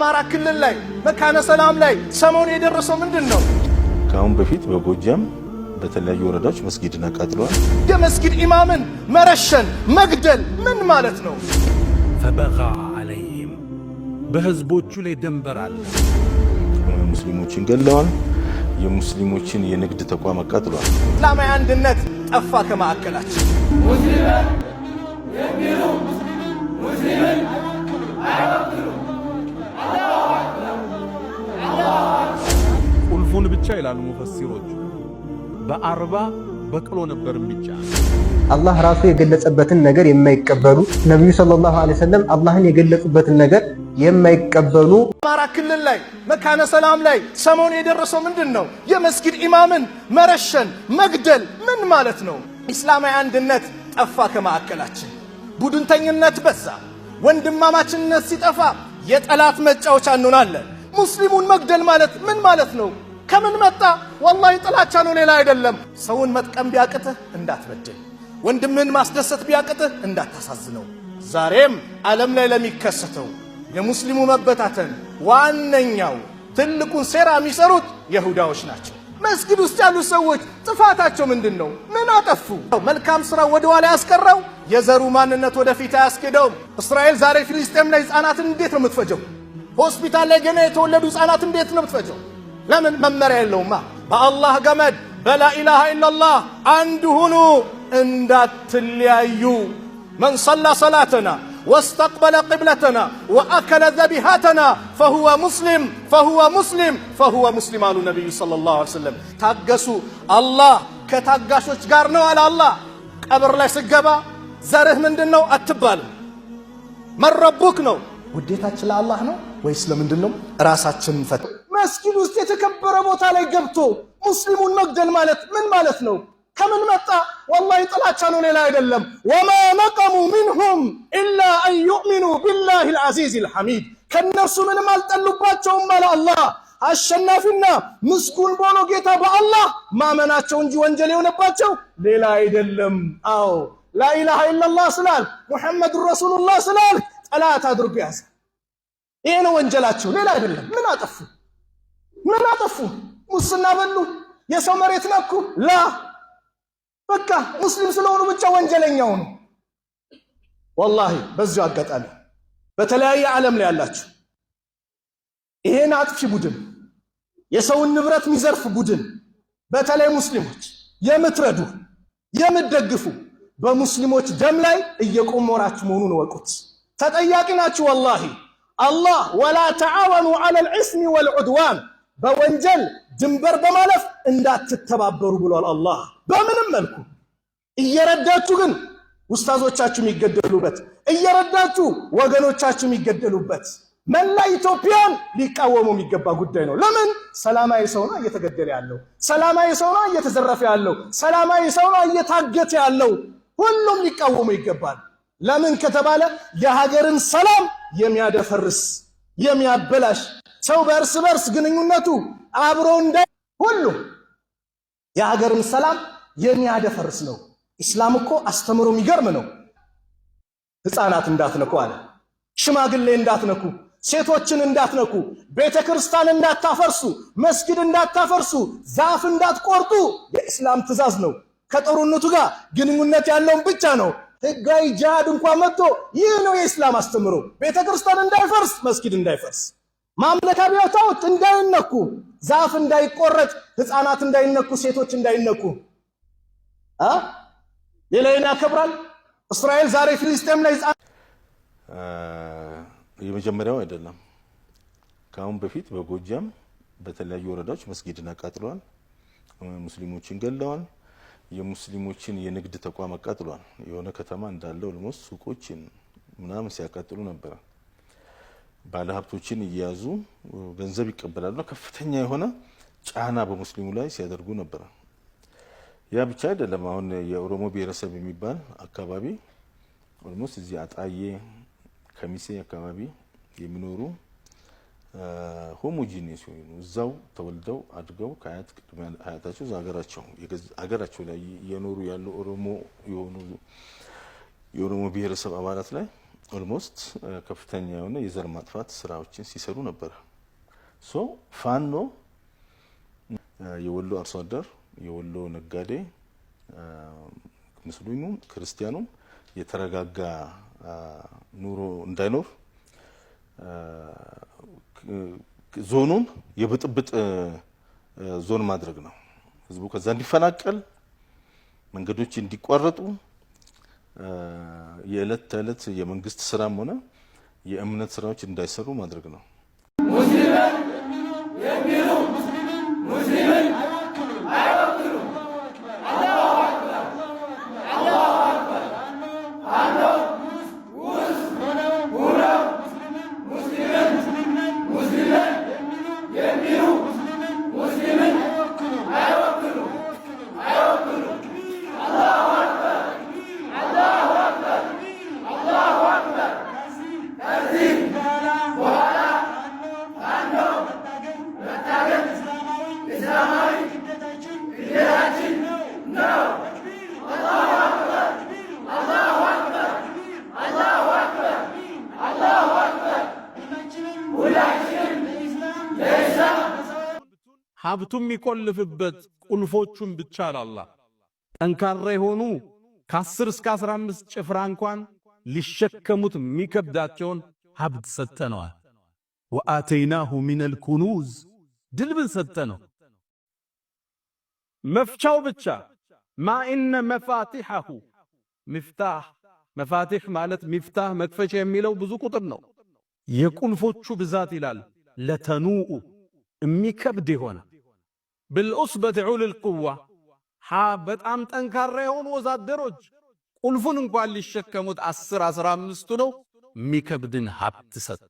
አማራ ክልል ላይ መካነ ሰላም ላይ ሰሞኑ የደረሰው ምንድን ነው? ከአሁን በፊት በጎጃም በተለያዩ ወረዳዎች መስጊድን አቃጥለዋል። የመስጊድ ኢማምን መረሸን መግደል ምን ማለት ነው? ፈበጋ አለይህም በህዝቦቹ ላይ ደንበር አለ። ሙስሊሞችን ገለዋል። የሙስሊሞችን የንግድ ተቋም አቃጥሏል። እስላማዊ አንድነት ጠፋ ከማዕከላችን። ሙስሊምን የሚሉ ሙስሊምን አይወክሉም ቁልፉን ብቻ ይላሉ ሙፈሲሮች በአርባ በቅሎ ነበር ብቻ አላህ ራሱ የገለጸበትን ነገር የማይቀበሉ ነቢዩ ሰለላሁ ዐለይሂ ወሰለም አላህን የገለጹበትን ነገር የማይቀበሉ አማራ ክልል ላይ መካነ ሰላም ላይ ሰሞኑ የደረሰው ምንድን ነው? የመስጊድ ኢማምን መረሸን፣ መግደል ምን ማለት ነው? ኢስላማዊ አንድነት ጠፋ ከማዕከላችን። ቡድንተኝነት በዛ። ወንድማማችነት ሲጠፋ የጠላት መጫወቻ እንሆናለን። ሙስሊሙን መግደል ማለት ምን ማለት ነው? ከምን መጣ? ወላሂ ጥላቻ ነው፣ ሌላ አይደለም። ሰውን መጥቀም ቢያቅትህ እንዳትበድል፣ ወንድምህን ማስደሰት ቢያቅትህ እንዳታሳዝነው። ዛሬም ዓለም ላይ ለሚከሰተው የሙስሊሙ መበታተን ዋነኛው ትልቁን ሴራ የሚሰሩት የሁዳዎች ናቸው። መስጊድ ውስጥ ያሉ ሰዎች ጥፋታቸው ምንድን ነው? ምን አጠፉ? መልካም ሥራ ወደ ኋላ ያስቀረው የዘሩ ማንነት ወደፊት አያስኬደውም። እስራኤል ዛሬ ፊልስጤም ላይ ሕፃናትን እንዴት ነው የምትፈጀው? ሆስፒታል ላይ ገና የተወለዱ ህፃናት እንዴት ነው የምትፈጀው? ለምን መመሪያ የለውማ። በአላህ ገመድ በላኢላሃ ኢላላህ አንድ ሁኑ እንዳትለያዩ። መን ሰላ ሰላተና ወስተቅበለ ቅብለተና ወአከለ ዘቢሃተና ፈሁወ ሙስሊም ፈሁወ ሙስሊም ፈሁወ ሙስሊም አሉ ነቢዩ ሰለላሁ ዐለይሂ ወሰለም። ታገሱ፣ አላህ ከታጋሾች ጋር ነው አለ አላህ። ቀብር ላይ ስገባ ዘርህ ምንድን ነው አትባልም፣ መን ነው ውዴታችን ለአላህ ነው ወይስ ለምንድን ነው ራሳችንን ፈት መስጊድ ውስጥ የተከበረ ቦታ ላይ ገብቶ ሙስሊሙን መግደል ማለት ምን ማለት ነው? ከምን መጣ? ወላሂ ጥላቻ ነው፣ ሌላ አይደለም። ወማ ነቀሙ ሚንሁም ኢላ አን ዩእሚኑ ቢላሂ ልዓዚዝ ልሐሚድ ከእነርሱ ምንም አልጠሉባቸውም አለ አላህ አሸናፊና ምስጉን በሆነ ጌታ በአላህ ማመናቸው እንጂ ወንጀል የሆነባቸው ሌላ አይደለም። አዎ ላኢላሃ ኢለላህ ስላልክ ሙሐመዱን ረሱሉላህ ስላልክ ጠላት አድርጎ ያዘ። ይሄ ነው ወንጀላቸው፣ ሌላ አይደለም። ምን አጠፉ? ምን አጠፉ? ሙስና በሉ? የሰው መሬት ነኩ? ላ በቃ ሙስሊም ስለሆኑ ብቻ ወንጀለኛው ነው። ወላሂ በዚሁ አጋጣሚ በተለያየ ዓለም ላይ ያላችሁ ይሄን አጥፊ ቡድን የሰውን ንብረት የሚዘርፍ ቡድን በተለይ ሙስሊሞች የምትረዱ የምትደግፉ በሙስሊሞች ደም ላይ እየቆመራችሁ መሆኑን ወቁት። ተጠያቂ ናችሁ። ወላሂ አላህ ወላ ተዓወኑ ዐለል ኢስሚ ዑድዋን በወንጀል ድንበር በማለፍ እንዳትተባበሩ ብሏል አላህ። በምንም መልኩ እየረዳችሁ ግን ውስታዞቻችሁ የሚገደሉበት እየረዳችሁ ወገኖቻችሁ የሚገደሉበት መላ ኢትዮጵያን ሊቃወሙ የሚገባ ጉዳይ ነው። ለምን ሰላማዊ ሰውና እየተገደለ ያለው ሰላማዊ ሰውና እየተዘረፈ ያለው ሰላማዊ ሰውና እየታገተ ያለው ሁሉም ሊቃወሙ ይገባል። ለምን ከተባለ የሀገርን ሰላም የሚያደፈርስ የሚያበላሽ ሰው በእርስ በርስ ግንኙነቱ አብሮ እንደ ሁሉ የሀገርን ሰላም የሚያደፈርስ ነው። ኢስላም እኮ አስተምሮ የሚገርም ነው። ህፃናት እንዳትነኩ አለ። ሽማግሌ እንዳትነኩ፣ ሴቶችን እንዳትነኩ፣ ቤተ ክርስቲያን እንዳታፈርሱ፣ መስጊድ እንዳታፈርሱ፣ ዛፍ እንዳትቆርጡ የኢስላም ትዕዛዝ ነው። ከጦርነቱ ጋር ግንኙነት ያለውን ብቻ ነው ህጋዊ ጂሃድ እንኳን መጥቶ ይህ ነው የኢስላም አስተምሮ፣ ቤተ ክርስቲያን እንዳይፈርስ፣ መስጊድ እንዳይፈርስ፣ ማምለካ ቢያታውት እንዳይነኩ፣ ዛፍ እንዳይቆረጥ፣ ህፃናት እንዳይነኩ፣ ሴቶች እንዳይነኩ አ ሌላውን ያከብራል። እስራኤል ዛሬ ፊልስጤም ላይ ህፃን የመጀመሪያው አይደለም። ከአሁን በፊት በጎጃም በተለያዩ ወረዳዎች መስጊድን አቃጥለዋል፣ ሙስሊሞችን ገለዋል። የሙስሊሞችን የንግድ ተቋም አቃጥሏል። የሆነ ከተማ እንዳለ ኦልሞስት ሱቆችን ምናምን ሲያቃጥሉ ነበረ። ባለሀብቶችን እየያዙ ገንዘብ ይቀበላሉና ከፍተኛ የሆነ ጫና በሙስሊሙ ላይ ሲያደርጉ ነበረ። ያ ብቻ አይደለም። አሁን የኦሮሞ ብሔረሰብ የሚባል አካባቢ ኦልሞስት እዚህ አጣዬ ከሚሴ አካባቢ የሚኖሩ ሆሞጂኒየስ የሆኑ እዛው ተወልደው አድገው ከአያት ቅድመ አያታቸው እዛ ሀገራቸው ሀገራቸው ላይ የኖሩ ያሉ ኦሮሞ የሆኑ የኦሮሞ ብሔረሰብ አባላት ላይ ኦልሞስት ከፍተኛ የሆነ የዘር ማጥፋት ስራዎችን ሲሰሩ ነበረ። ሶ ፋኖ የወሎ አርሶ አደር፣ የወሎ ነጋዴ፣ ሙስሊሙም ክርስቲያኑም የተረጋጋ ኑሮ እንዳይኖር ዞኑም የብጥብጥ ዞን ማድረግ ነው። ህዝቡ ከዛ እንዲፈናቀል፣ መንገዶች እንዲቋረጡ፣ የዕለት ተዕለት የመንግስት ስራም ሆነ የእምነት ስራዎች እንዳይሰሩ ማድረግ ነው። ሀብቱም የሚቆልፍበት ቁልፎቹን ብቻ አላላ ጠንካራ የሆኑ ከ ከአስር እስከ 15 ጭፍራ እንኳን ሊሸከሙት የሚከብዳቸውን ሀብት ሰጠነዋል። ወአተይናሁ ሚነል ኩኑዝ ድልብን ሰጠነው። መፍቻው ብቻ ማኢነ መፋቲሐሁ ሚፍታህ መፋቲሕ ማለት ሚፍታህ መክፈቻ የሚለው ብዙ ቁጥር ነው። የቁልፎቹ ብዛት ይላል ለተኑኡ የሚከብድ የሆነ ብልዑስበት ዑሉል ቁዋ ሀ በጣም ጠንካራ የሆኑ ወዛደሮች ቁልፉን እንኳን ሊሸከሙት አስር አስራ አምስቱ ነው ሚከብድን ሀብት ሰጥ።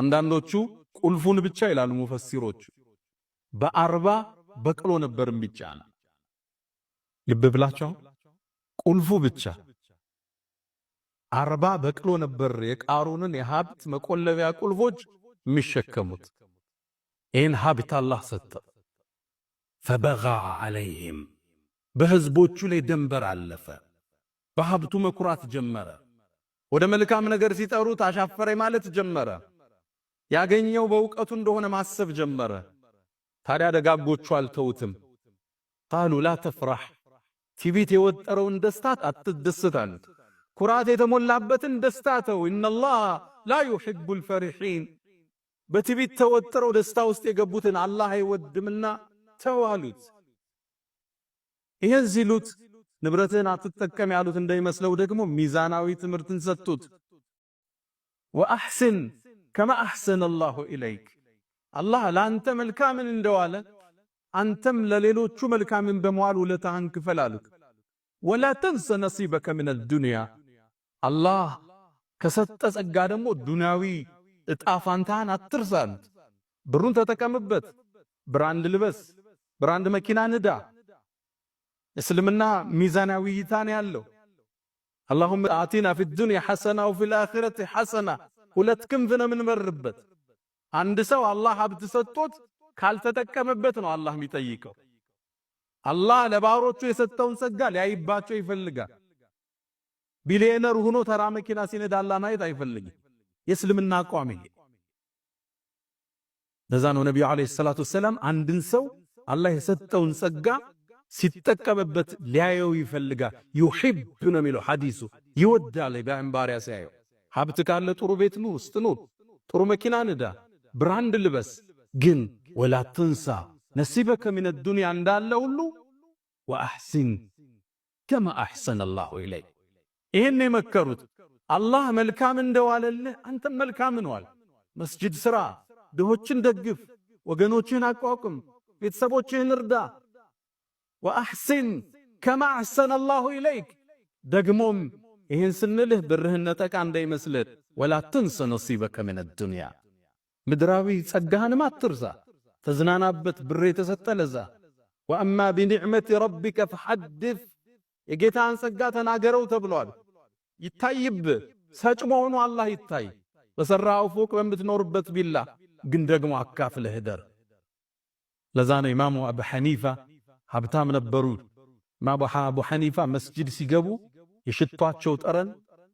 አንዳንዶቹ ቁልፉን ብቻ ይላሉ ሙፈሲሮቹ። በአርባ በቅሎ ነበር የሚጫና። ልብ ብላችሁ ቁልፉ ብቻ አርባ በቅሎ ነበር የቃሩንን የሀብት መቆለቢያ ቁልፎች የሚሸከሙት። ይህን ሀብት አላህ ሰጠ። ፈበጋ ዓለይህም በሕዝቦቹ ላይ ደንበር አለፈ። በሀብቱ መኩራት ጀመረ። ወደ መልካም ነገር ሲጠሩት አሻፈረ ማለት ጀመረ። ያገኘው በእውቀቱ እንደሆነ ማሰብ ጀመረ። ታዲያ ደጋጎቹ አልተውትም። ቃሉ ላ ተፍራህ ቲቢት የወጠረውን ደስታ አትደስት አሉት። ኩራት የተሞላበትን ደስታ ተው። ኢነላህ ላ ዩሕቡ ልፈሪሒን በትዕቢት ተወጥረው ደስታ ውስጥ የገቡትን አላህ አይወድምና ተው አሉት። ሲሉት ንብረትህን አትጠቀም ያሉት እንዳይመስለው ደግሞ ሚዛናዊ ትምህርትን ሰጡት። ወአሕስን ከማ አሕሰነ አላሁ ኢለይክ፣ አላህ ለአንተ መልካምን እንደዋለ አንተም ለሌሎቹ መልካምን በመዋል ውለታህን ክፈል አሉት። ወላ ተንሰ ነሲበከ ሚነ ዱንያ፣ አላህ ከሰጠ ጸጋ ደግሞ ዱንያዊ እጣ ፋንታህን አትርሳ ብሩን ተጠቀምበት፣ ብራንድ ልበስ፣ ብራንድ መኪና ንዳ። እስልምና ሚዛናዊ እይታን ያለው አላሁመ አቲና ፊ ዱንያ ሐሰና ወፊል አኺረት ሐሰና፣ ሁለት ክንፍ ነው የምንበርበት። አንድ ሰው አላህ ሀብት ሰጥቶት ካልተጠቀመበት ነው አላህ የሚጠይቀው። አላህ ለባሮቹ የሰጠውን ጸጋ ሊያይባቸው ይፈልጋል። ቢሊየነር ሆኖ ተራ መኪና ሲነዳ አላህን ማየት አይፈልግም። የእስልምና አቋም ይሄ። ለዛ ነው ነቢዩ ዓለይሂ ሰላቱ ወሰላም አንድን ሰው አላህ የሰጠውን ጸጋ ሲጠቀምበት ሊያየው ይፈልጋል። ዩሂብ ነው የሚለው ሐዲሱ። ይወዳል ኢብራሂም ባሪያ ሲያየው። ሀብት ካለ ጥሩ ቤት ኑር ውስጥ ኑር፣ ጥሩ መኪና ንዳ፣ ብራንድ ልበስ። ግን ወላ ትንሳ ነሲበከ ሚነ ዱንያ እንዳለ ሁሉ ወአሕሲን ከማ አሕሰነ አላሁ ኢለይክ። ይህን የመከሩት አላህ መልካም እንደዋለልህ አንተም መልካም ነዋል። መስጂድ ስራ፣ ድሆችን ደግፍ፣ ወገኖችህን አቋቁም፣ ቤተሰቦችህን እርዳ። ወአሕሲን ከማ አሕሰነ አላሁ ኢለይክ። ደግሞም ይህን ስንልህ ብርህን ነጠቃ እንዳይመስልህ። ወላ ትንስ ነሲበከ ምን ዱንያ፣ ምድራዊ ጸጋህንም አትርሳ፣ ተዝናናበት። ብር የተሰጠ ለዛ። ወአማ ቢኒዕመቲ ረቢከ ፈሐድፍ፣ የጌታን ጸጋ ተናገረው ተብሏል። ይታይብ ሰጭ መሆኑ አላህ ይታይ። በሰራው ፎቅ በምትኖርበት ቢላ ግን ደግሞ አካፍለህ ደር። ለዛ ነው ኢማሙ አቡ ሐኒፋ ሀብታም ነበሩ። ኢማሙ አቡ ሐኒፋ መስጂድ ሲገቡ የሽቷቸው ጠረን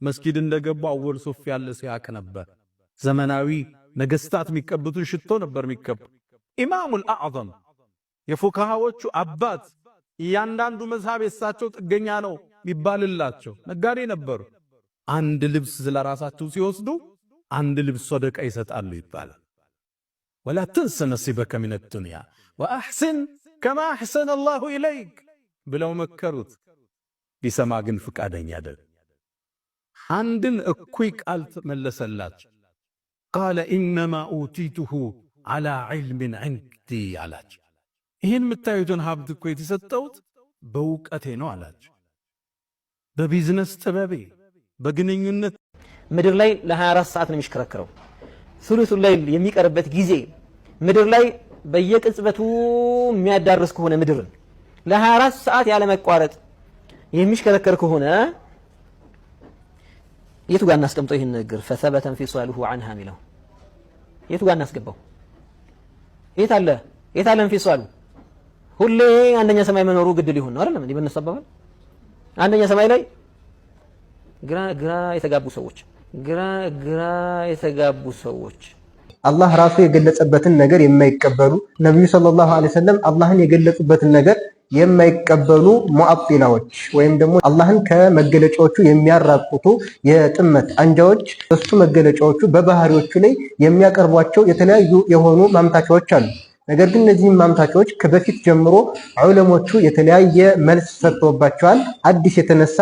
መስጂድ እንደገቡ አወል ሶፍ ያለ ሲያክ ነበር። ዘመናዊ ነገስታት የሚቀብቱ ሽቶ ነበር የሚቀቡ። ኢማሙል አዕዘም የፉካሃዎቹ አባት፣ እያንዳንዱ መዝሃብ የሳቸው ጥገኛ ነው። ይባልላቸው ነጋዴ ነበሩ። አንድ ልብስ ስለ ራሳቸው ሲወስዱ አንድ ልብስ ሰደቃ ይሰጣሉ ይባላል። ወላ ተንሰ ነሲበከ ሚነ ዱንያ ወአሕስን ከማ አሕሰነ አላሁ ኢለይክ ብለው መከሩት። ሊሰማ ግን ፍቃደኛ አይደል። አንድን እኩይ ቃል መለሰላቸው። ቃለ ኢነማ ኡቲቱሁ ዓላ ዒልምን ዒንዲ አላቸው። ይህን የምታዩትን ሀብት እኮ የተሰጠውት በእውቀቴ ነው አላቸው። በቢዝነስ ጥበቤ፣ በግንኙነት ምድር ላይ ለ24 ሰዓት ነው የሚሽከረከረው። ሱሉሱን ላይ የሚቀርበት ጊዜ ምድር ላይ በየቅጽበቱ የሚያዳርስ ከሆነ ምድርን ለ24 ሰዓት ያለመቋረጥ የሚሽከረከር ከሆነ የቱ ጋር እናስቀምጠው? ይህን ንግግር ፈሰበተ እንፊሳሉሁ አንሃ የሚለው የቱ ጋር እናስገባው? የት አለ የት አለ እንፊሳሉ? ሁሌ አንደኛ ሰማይ መኖሩ ግድ ሊሆን ነው አይደለም እንዲህ በነሱ አባባል አንደኛ ሰማይ ላይ ግራ ግራ የተጋቡ ሰዎች ግራ ግራ የተጋቡ ሰዎች አላህ ራሱ የገለጸበትን ነገር የማይቀበሉ ነቢዩ ሰለላሁ ዐለይሂ ወሰለም አላህን የገለጹበትን ነገር የማይቀበሉ ሙአጢላዎች ወይም ደግሞ አላህን ከመገለጫዎቹ የሚያራቁቱ የጥመት አንጃዎች እሱ መገለጫዎቹ በባህሪዎቹ ላይ የሚያቀርቧቸው የተለያዩ የሆኑ ማምታቻዎች አሉ። ነገር ግን እነዚህም ማምታቾች ከበፊት ጀምሮ ዑለሞቹ የተለያየ መልስ ሰጥተውባቸዋል። አዲስ የተነሳ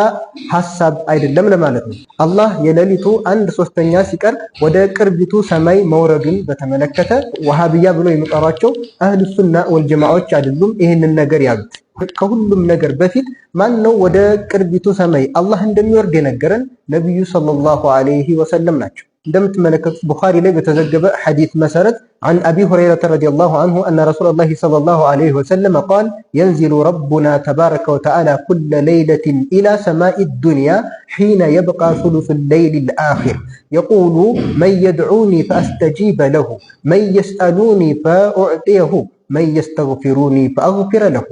ሐሳብ አይደለም ለማለት ነው። አላህ የሌሊቱ አንድ ሶስተኛ ሲቀር ወደ ቅርቢቱ ሰማይ መውረዱን በተመለከተ ወሃብያ ብሎ የሚጠሯቸው አህሉ ሱና ወልጀማዎች አይደሉም ይህንን ነገር ያሉት። ከሁሉም ነገር በፊት ማን ነው ወደ ቅርቢቱ ሰማይ አላህ እንደሚወርድ የነገረን? ነቢዩ ሰለላሁ ዐለይሂ ወሰለም ናቸው። እንደምትመለከቱት ቡኻሪ ላይ በተዘገበ ሐዲት መሰረት አን አቢ ሁረይረተ ረዲየላሁ አንሁ አነ ረሱለላሂ ሰለላሁ ዐለይሂ ወሰለም ቃል የንዚሉ ረቡና ተባረከ ወተዓላ ኩለ ለይለትን ኢላ ሰማኢ ዱንያ ሒነ የብቃ ሱሉሱ ለይል ልአኪር የቁሉ መን የድዑኒ ፈአስተጂበ ለሁ መን የስአሉኒ ፈኡዕጢየሁ መን የስተግፊሩኒ ፈአግፊረ ለሁ።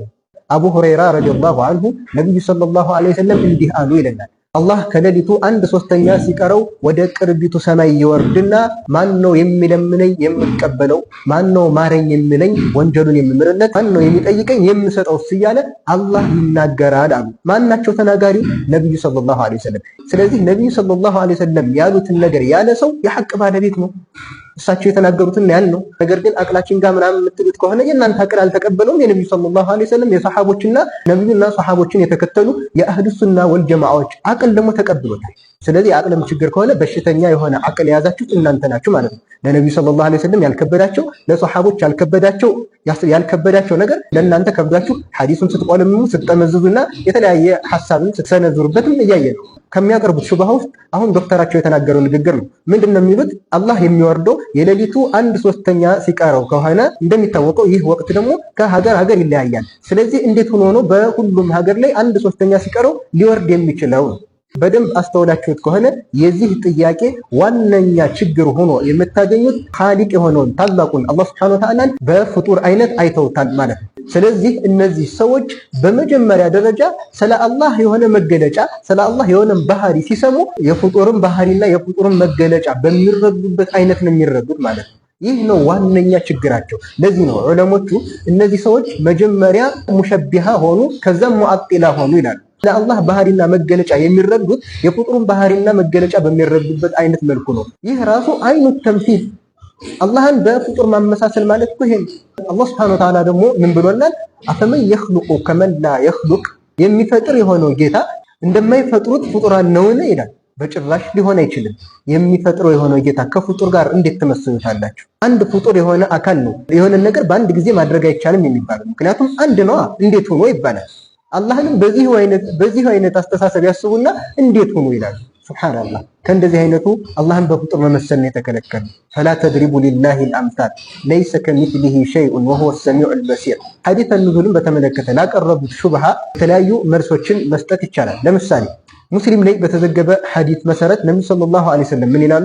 አቡ ሁረይራ ረዲየላሁ አንሁ ነቢዩ ሰለላሁ ዐለይሂ ወሰለም እንዲህ አሉ ይለናል አላህ ከሌሊቱ አንድ ሶስተኛ ሲቀረው ወደ ቅርቢቱ ሰማይ ይወርድና ማን ነው የሚለምነኝ የምቀበለው? ማን ነው ማረኝ የሚለኝ ወንጀሉን የምምርለት? ማን ነው የሚጠይቀኝ የምሰጠው እያለ አላህ ይናገራል አሉ። ማናቸው ተናጋሪው? ነቢዩ ሰለላሁ ዐለይሂ ወሰለም። ስለዚህ ነቢዩ ሰለላሁ ዐለይሂ ወሰለም ያሉትን ነገር ያለ ሰው የሐቅ ባለቤት ነው። እሳቸው የተናገሩትን ያን ነው። ነገር ግን አቅላችን ጋር ምናምን የምትሉት ከሆነ የእናንተ አቅል አልተቀበለውም። የነቢዩ ሰለላሁ ዐለይሂ ወሰለም የሰሓቦችና ነቢዩና ሰሓቦችን የተከተሉ የአህሉ ሱና ወልጀማዎች አቅል ደግሞ ተቀብሎታል። ስለዚህ የአቅልም ችግር ከሆነ በሽተኛ የሆነ አቅል የያዛችሁት እናንተ ናችሁ ማለት ነው። ለነቢዩ ሰለላሁ ዐለይሂ ወሰለም ያልከበዳቸው፣ ለሰሓቦች ያልከበዳቸው ያልከበዳቸው ነገር ለእናንተ ከብዳችሁ ሐዲሱን ስትቆለምሙ ስትጠመዝዙና የተለያየ ሀሳብን ስትሰነዝሩበትም እያየ ነው። ከሚያቀርቡት ሹባሃ ውስጥ አሁን ዶክተራቸው የተናገረው ንግግር ነው። ምንድን ነው የሚሉት? አላህ የሚወርደው የሌሊቱ አንድ ሶስተኛ ሲቀረው ከሆነ እንደሚታወቀው ይህ ወቅት ደግሞ ከሀገር ሀገር ይለያያል። ስለዚህ እንዴት ሆኖ ነው በሁሉም ሀገር ላይ አንድ ሶስተኛ ሲቀረው ሊወርድ የሚችለው? በደንብ አስተውላችሁት ከሆነ የዚህ ጥያቄ ዋነኛ ችግር ሆኖ የምታገኙት ኻሊቅ የሆነውን ታላቁን አላህ ሱብሓነሁ ወተዓላን በፍጡር አይነት አይተውታል ማለት ነው። ስለዚህ እነዚህ ሰዎች በመጀመሪያ ደረጃ ስለ አላህ የሆነ መገለጫ ስለ አላህ የሆነ ባህሪ ሲሰሙ የፍጡርን ባህሪና የፍጡርን መገለጫ በሚረዱበት አይነት ነው የሚረዱት ማለት ነው። ይህ ነው ዋነኛ ችግራቸው። ለዚህ ነው ዑለሞቹ እነዚህ ሰዎች መጀመሪያ ሙሸቢሃ ሆኑ፣ ከዛም ሙአጢላ ሆኑ ይላሉ። ለአላህ ባህሪና መገለጫ የሚረዱት የቁጥሩን ባህሪና መገለጫ በሚረዱበት አይነት መልኩ ነው። ይህ ራሱ አይኑ ተምሲል አላህን በፍጡር ማመሳሰል ማለት ነው። ይሄ። አላህ Subhanahu Wa Ta'ala ደግሞ ምን ብሎናል? አፈመን የኽሉቁ ከመን ላ የኽሉቅ የሚፈጥር የሆነው ጌታ እንደማይፈጥሩት ፍጡራን ነውን ይላል። በጭራሽ ሊሆን አይችልም። የሚፈጥረው የሆነው ጌታ ከፍጡር ጋር እንዴት ትመስሉታላችሁ? አንድ ፍጡር የሆነ አካል ነው። የሆነ ነገር በአንድ ጊዜ ማድረግ አይቻልም የሚባለው ምክንያቱም አንድ ነዋ። እንዴት ሆኖ ይባላል? አላህንም በዚህ አይነት በዚሁ አይነት አስተሳሰብ ያስቡና እንዴት ሆኑ ይላል። ሱብሃንአላህ ከእንደዚህ አይነቱ አላህን በፍጡር መመሰል ነው የተከለከለ። ፈላ ተድሪቡ ሊላሂ አልአምሳል ለይሰ ከሚስሊሂ ሸይኡን ወሁወ ሰሚዑል በሲር። ሐዲስ ኑዙልን በተመለከተ ላቀረቡት ሹብሃ የተለያዩ መልሶችን መስጠት ይቻላል። ለምሳሌ ሙስሊም ላይ በተዘገበ ሐዲስ መሰረት ነቢ ሰለላሁ ዐለይሂ ወሰለም ምን ይላሉ?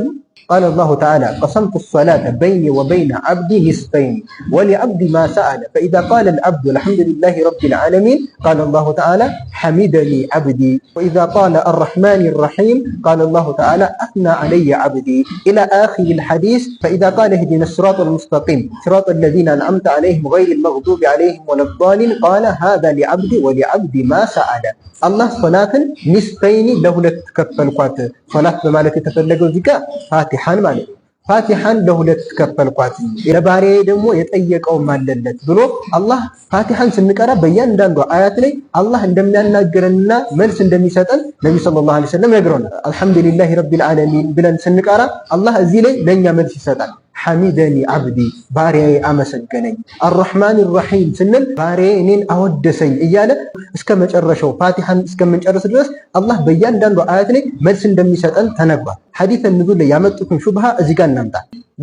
قال الله تعالى قسمت الصلاة بيني وبين عبدي نصفين ولعبدي ما سأل فإذا قال العبد الحمد لله رب العالمين قال الله تعالى حمدني عبدي وإذا قال الرحمن الرحيم قال الله تعالى أثنى علي عبدي إلى آخر الحديث فإذا قال اهدنا الصراط المستقيم صراط الذين أنعمت عليهم غير المغضوب عليهم ولا الضالين قال هذا لعبدي ولعبدي ما سأل الله صلاة نصفين لولا قاتل صلاة لك تفلقوا ذكاء ፋቲሓን ማለት ነው። ፋቲሓን ለሁለት ከፈልኳት ለባሪያዬ ደግሞ የጠየቀው አለለት ብሎ አላህ ፋቲሃን ስንቀራ በእያንዳንዱ አያት ላይ አላህ እንደሚያናግረንና መልስ እንደሚሰጠን ነቢ ሰለላሁ ዐለይሂ ወሰለም ነግረውናል። አልሐምዱሊላሂ ረቢል ዓለሚን ብለን ስንቀራ አላህ እዚህ ላይ ለእኛ መልስ ይሰጣል። ሐሚደኒ አብዲ ባሪያዬ አመሰገነኝ። አረሕማን ረሒም ስንል ባሪያዬ እኔን አወደሰኝ እያለ እስከ መጨረሻው ፋቲሐን እስከምንጨርስ ድረስ አላህ በእያንዳንዱ አያት ላይ መልስ እንደሚሰጠን ተነግሯል። ሐዲተ ንዙል ላይ ያመጡትን ሹብሃ እዚህ ጋር እናምጣ።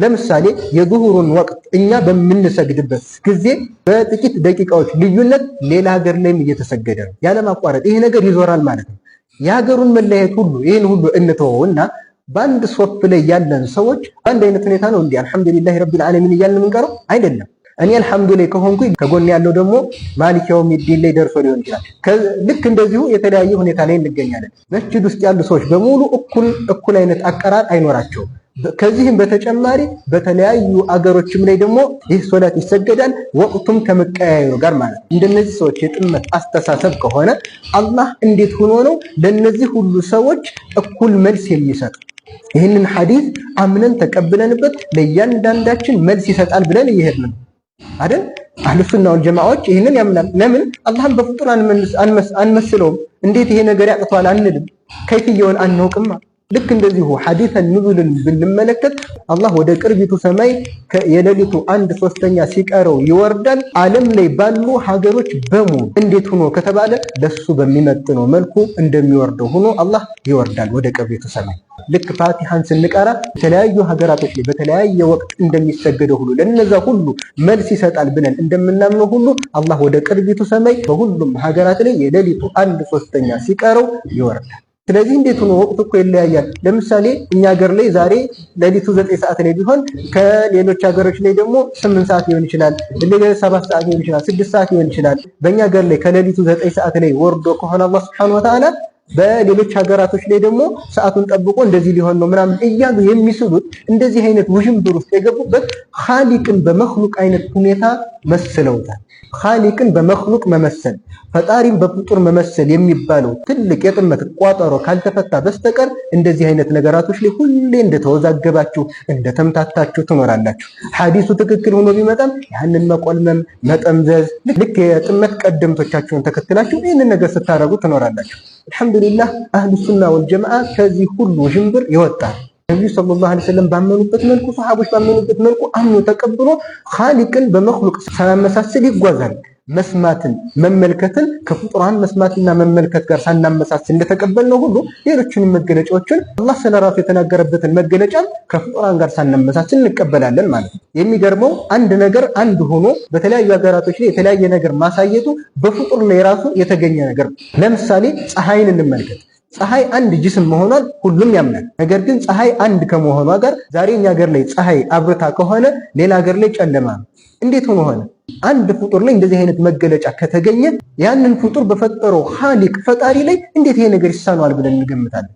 ለምሳሌ የዙሁሩን ወቅት እኛ በምንሰግድበት ጊዜ በጥቂት ደቂቃዎች ልዩነት ሌላ ሀገር ላይም እየተሰገደ ነው ያለማቋረጥ። ይሄ ነገር ይዞራል ማለት ነው። የሀገሩን መለያየት ሁሉ ይህን ሁሉ እንተወውና በአንድ ሶፍ ላይ ያለን ሰዎች በአንድ አይነት ሁኔታ ነው እንዲ አልሐምዱሊላህ ረቢል ዓለሚን እያልን የምንቀረው አይደለም። እኔ አልሐምዱ ላይ ከሆንኩ ከጎን ያለው ደግሞ ማሊክ የውሚዲን ላይ ደርሶ ሊሆን ይችላል። ልክ እንደዚሁ የተለያየ ሁኔታ ላይ እንገኛለን። መስጂድ ውስጥ ያሉ ሰዎች በሙሉ እኩል እኩል አይነት አቀራር አይኖራቸውም። ከዚህም በተጨማሪ በተለያዩ አገሮችም ላይ ደግሞ ይህ ሶላት ይሰገዳል። ወቅቱም ከመቀያየሩ ጋር ማለት እንደነዚህ ሰዎች የጥመት አስተሳሰብ ከሆነ አላህ እንዴት ሆኖ ነው ለነዚህ ሁሉ ሰዎች እኩል መልስ የሚሰጥ? ይህንን ሐዲስ አምነን ተቀብለንበት ለእያንዳንዳችን መልስ ይሰጣል ብለን እየሄድን ነው አይደል? አህልሱና ወልጀማዓዎች ይህንን ያምናል። ለምን አላህን በፍጡር አንመስለውም። እንዴት ይሄ ነገር ያቅተዋል አንልም። ከይፍየውን አናውቅማ። ልክ እንደዚሁ ሐዲሰ ኑዙልን ብንመለከት አላህ ወደ ቅርቢቱ ሰማይ የሌሊቱ አንድ ሶስተኛ ሲቀረው ይወርዳል። ዓለም ላይ ባሉ ሀገሮች በሙሉ እንዴት ሆኖ ከተባለ ለሱ በሚመጥነው መልኩ እንደሚወርደው ሆኖ አላህ ይወርዳል ወደ ቅርቢቱ ሰማይ ልክ ፋቲሃን ስንቀራ የተለያዩ ሀገራቶች ላይ በተለያየ ወቅት እንደሚሰገደው ሁሉ ለነዛ ሁሉ መልስ ይሰጣል ብለን እንደምናምነው ሁሉ አላህ ወደ ቅርቢቱ ሰማይ በሁሉም ሀገራት ላይ የሌሊቱ አንድ ሶስተኛ ሲቀረው ይወርዳል። ስለዚህ እንዴት ሆኖ ወቅት እኮ ይለያያል። ለምሳሌ እኛ ሀገር ላይ ዛሬ ሌሊቱ ዘጠኝ ሰዓት ላይ ቢሆን ከሌሎች ሀገሮች ላይ ደግሞ ስምንት ሰዓት ሊሆን ይችላል፣ ሰባት ሰዓት ሊሆን ይችላል፣ ስድስት ሰዓት ሊሆን ይችላል። በእኛ ሀገር ላይ ከሌሊቱ ዘጠኝ ሰዓት ላይ ወርዶ ከሆነ አላህ ስብሐነሁ ወተዓላ በሌሎች ሀገራቶች ላይ ደግሞ ሰዓቱን ጠብቆ እንደዚህ ሊሆን ነው ምናምን እያሉ የሚስሉት እንደዚህ አይነት ውዥንብር ውስጥ የገቡበት ኻሊቅን በመክሉቅ አይነት ሁኔታ መስለውታል። ኻሊቅን በመክሉቅ መመሰል፣ ፈጣሪን በፍጡር መመሰል የሚባለው ትልቅ የጥመት ቋጠሮ ካልተፈታ በስተቀር እንደዚህ አይነት ነገራቶች ላይ ሁሌ እንደተወዛገባችሁ እንደተምታታችሁ ትኖራላችሁ። ሐዲሱ ትክክል ሆኖ ቢመጣም ያንን መቆልመም፣ መጠምዘዝ ልክ የጥመት ቀደምቶቻችሁን ተከትላችሁ ይህንን ነገር ስታደርጉ ትኖራላችሁ። አልሐምዱሊላህ አህሉ ሱና ወልጀማዓ ከዚህ ሁሉ ዥንብር ይወጣል። ነቢዩ ሰለላሁ ዐለይሂ ወሰለም ባመኑበት መልኩ፣ ሰሐቦች ባመኑበት መልኩ አምኖ ተቀብሎ ኻሊቅን በመክሉቅ ሳያመሳስል ይጓዛል። መስማትን መመልከትን ከፍጡራን መስማትና መመልከት ጋር ሳናመሳስ እንደተቀበልነው ሁሉ ሌሎችንም መገለጫዎችን አላህ ራሱ የተናገረበትን መገለጫ ከፍጡራን ጋር ሳናመሳስ እንቀበላለን ማለት ነው። የሚገርመው አንድ ነገር አንድ ሆኖ በተለያዩ ሀገራቶች ላይ የተለያየ ነገር ማሳየቱ በፍጡር ላይ ራሱ የተገኘ ነገር ነው። ለምሳሌ ፀሐይን እንመልከት። ፀሐይ አንድ ጅስም መሆኗን ሁሉም ያምናል። ነገር ግን ፀሐይ አንድ ከመሆኗ ጋር ዛሬ እኛ ሀገር ላይ ፀሐይ አብርታ ከሆነ ሌላ ሀገር ላይ ጨለማ ነው። እንዴት ሆኖ ሆነ? አንድ ፍጡር ላይ እንደዚህ አይነት መገለጫ ከተገኘ ያንን ፍጡር በፈጠረው ኻሊቅ ፈጣሪ ላይ እንዴት ይሄ ነገር ይሳነዋል ብለን እንገምታለን።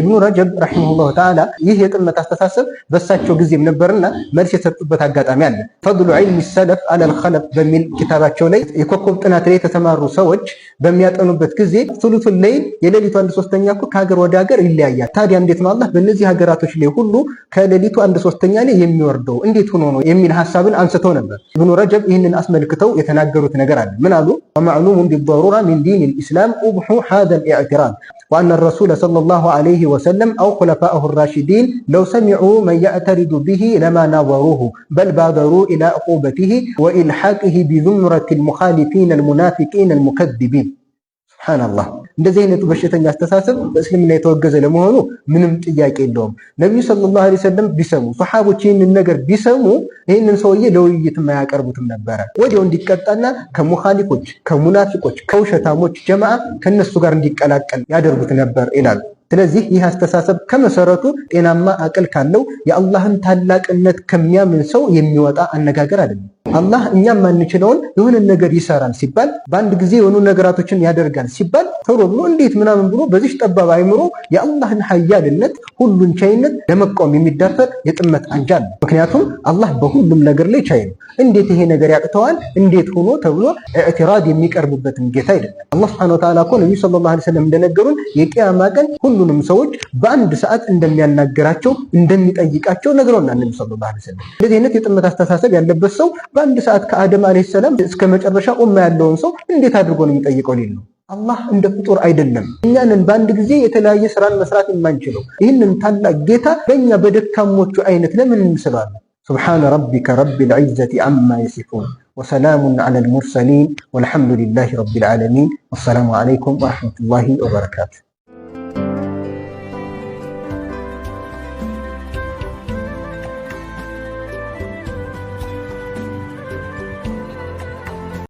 ኢብኑ ረጀብ ረሂመሁላሁ ተዓላ ይህ የጥመት አስተሳሰብ በሳቸው ጊዜም ነበርና መልስ የሰጡበት አጋጣሚ አለ። ፈድሉ ዒልሚ ሰለፍ አለል ኸለፍ በሚል ኪታባቸው ላይ የኮከብ ጥናት ላይ የተሰማሩ ሰዎች በሚያጠኑበት ጊዜ ሱሉቱን ላይ የሌሊቱ አንድ ሶስተኛ እኮ ከሀገር ወደ ሀገር ይለያያል። ታዲያ እንዴት ነው አላህ በእነዚህ ሀገራቶች ላይ ሁሉ ከሌሊቱ አንድ ሶስተኛ ላይ የሚወርደው እንዴት ሆኖ ነው የሚል ሀሳብን አንስተው ነበር ኢብኑ ረጀብ من أسم الكتو የተናገሩት ነገር አለ። من አሉ? ومعلوم بالضرورة من دين الإسلام ኡብሑ هذا الاعتراض وأن الرسول صلى الله عليه وسلم أو خلفائه الراشدين لو سمعوا من يعترض به لما ناظروه بل بادروا إلى عقوبته وإلحاقه بزمرة المخالفين المنافقين المكذبين ሱብሓነላህ እንደዚህ አይነቱ በሽተኛ አስተሳሰብ በእስልምና የተወገዘ ለመሆኑ ምንም ጥያቄ የለውም። ነቢዩ ሰለላሁ ዐለይሂ ወሰለም ቢሰሙ ሰሓቦች ይህንን ነገር ቢሰሙ ይህንን ሰውዬ ለውይይትም አያቀርቡትም ነበረ። ወዲያው እንዲቀጣና ከሙኻሊፎች፣ ከሙናፊቆች፣ ከውሸታሞች ጀማዓ ከእነሱ ጋር እንዲቀላቀል ያደርጉት ነበር ይላል። ስለዚህ ይህ አስተሳሰብ ከመሰረቱ ጤናማ አቅል ካለው የአላህን ታላቅነት ከሚያምን ሰው የሚወጣ አነጋገር አይደለም። አላህ እኛም ማንችለውን የሆነ ነገር ይሰራል ሲባል በአንድ ጊዜ የሆኑ ነገራቶችን ያደርጋል ሲባል ቶሎ ብሎ እንዴት ምናምን ብሎ በዚህ ጠባብ አይምሮ የአላህን ሀያልነት ሁሉን ቻይነት ለመቃወም የሚዳፈር የጥመት አንጃ ነው። ምክንያቱም አላህ በሁሉም ነገር ላይ ቻይ ነው። እንዴት ይሄ ነገር ያቅተዋል እንዴት ሆኖ ተብሎ ኢዕትራድ የሚቀርብበትን ጌታ አይደለም። አላህ ሱብሓነሁ ወተዓላ እኮ ነቢዩ ሰለላሁ ዐለይሂ ወሰለም እንደነገሩን የቅያማ ቀን ሁሉንም ሰዎች በአንድ ሰዓት እንደሚያናገራቸው እንደሚጠይቃቸው ነግረውና ነቢ ሰለላሁ ዐለይሂ ወሰለም እንደዚህ አይነት የጥመት አስተሳሰብ ያለበት ሰው በአንድ ሰዓት ከአደም አለይሂ ሰላም እስከ መጨረሻ ኡማ ያለውን ሰው እንዴት አድርጎ ነው የሚጠይቀው ሊል ነው። አላህ እንደ ፍጡር አይደለም። እኛንን በአንድ ጊዜ የተለያየ ስራን መስራት የማንችለው ይህንን ታላቅ ጌታ በእኛ በደካሞቹ አይነት ለምን እንስባለን? ሱብሓነ ረቢከ ረቢል ዒዘቲ አማ የሲፉን ወሰላሙን ዐለል ሙርሰሊን ወልሐምዱሊላሂ ረቢል ዓለሚን ወሰላሙ ዐለይኩም ወረሕመቱላሂ ወበረካቱ።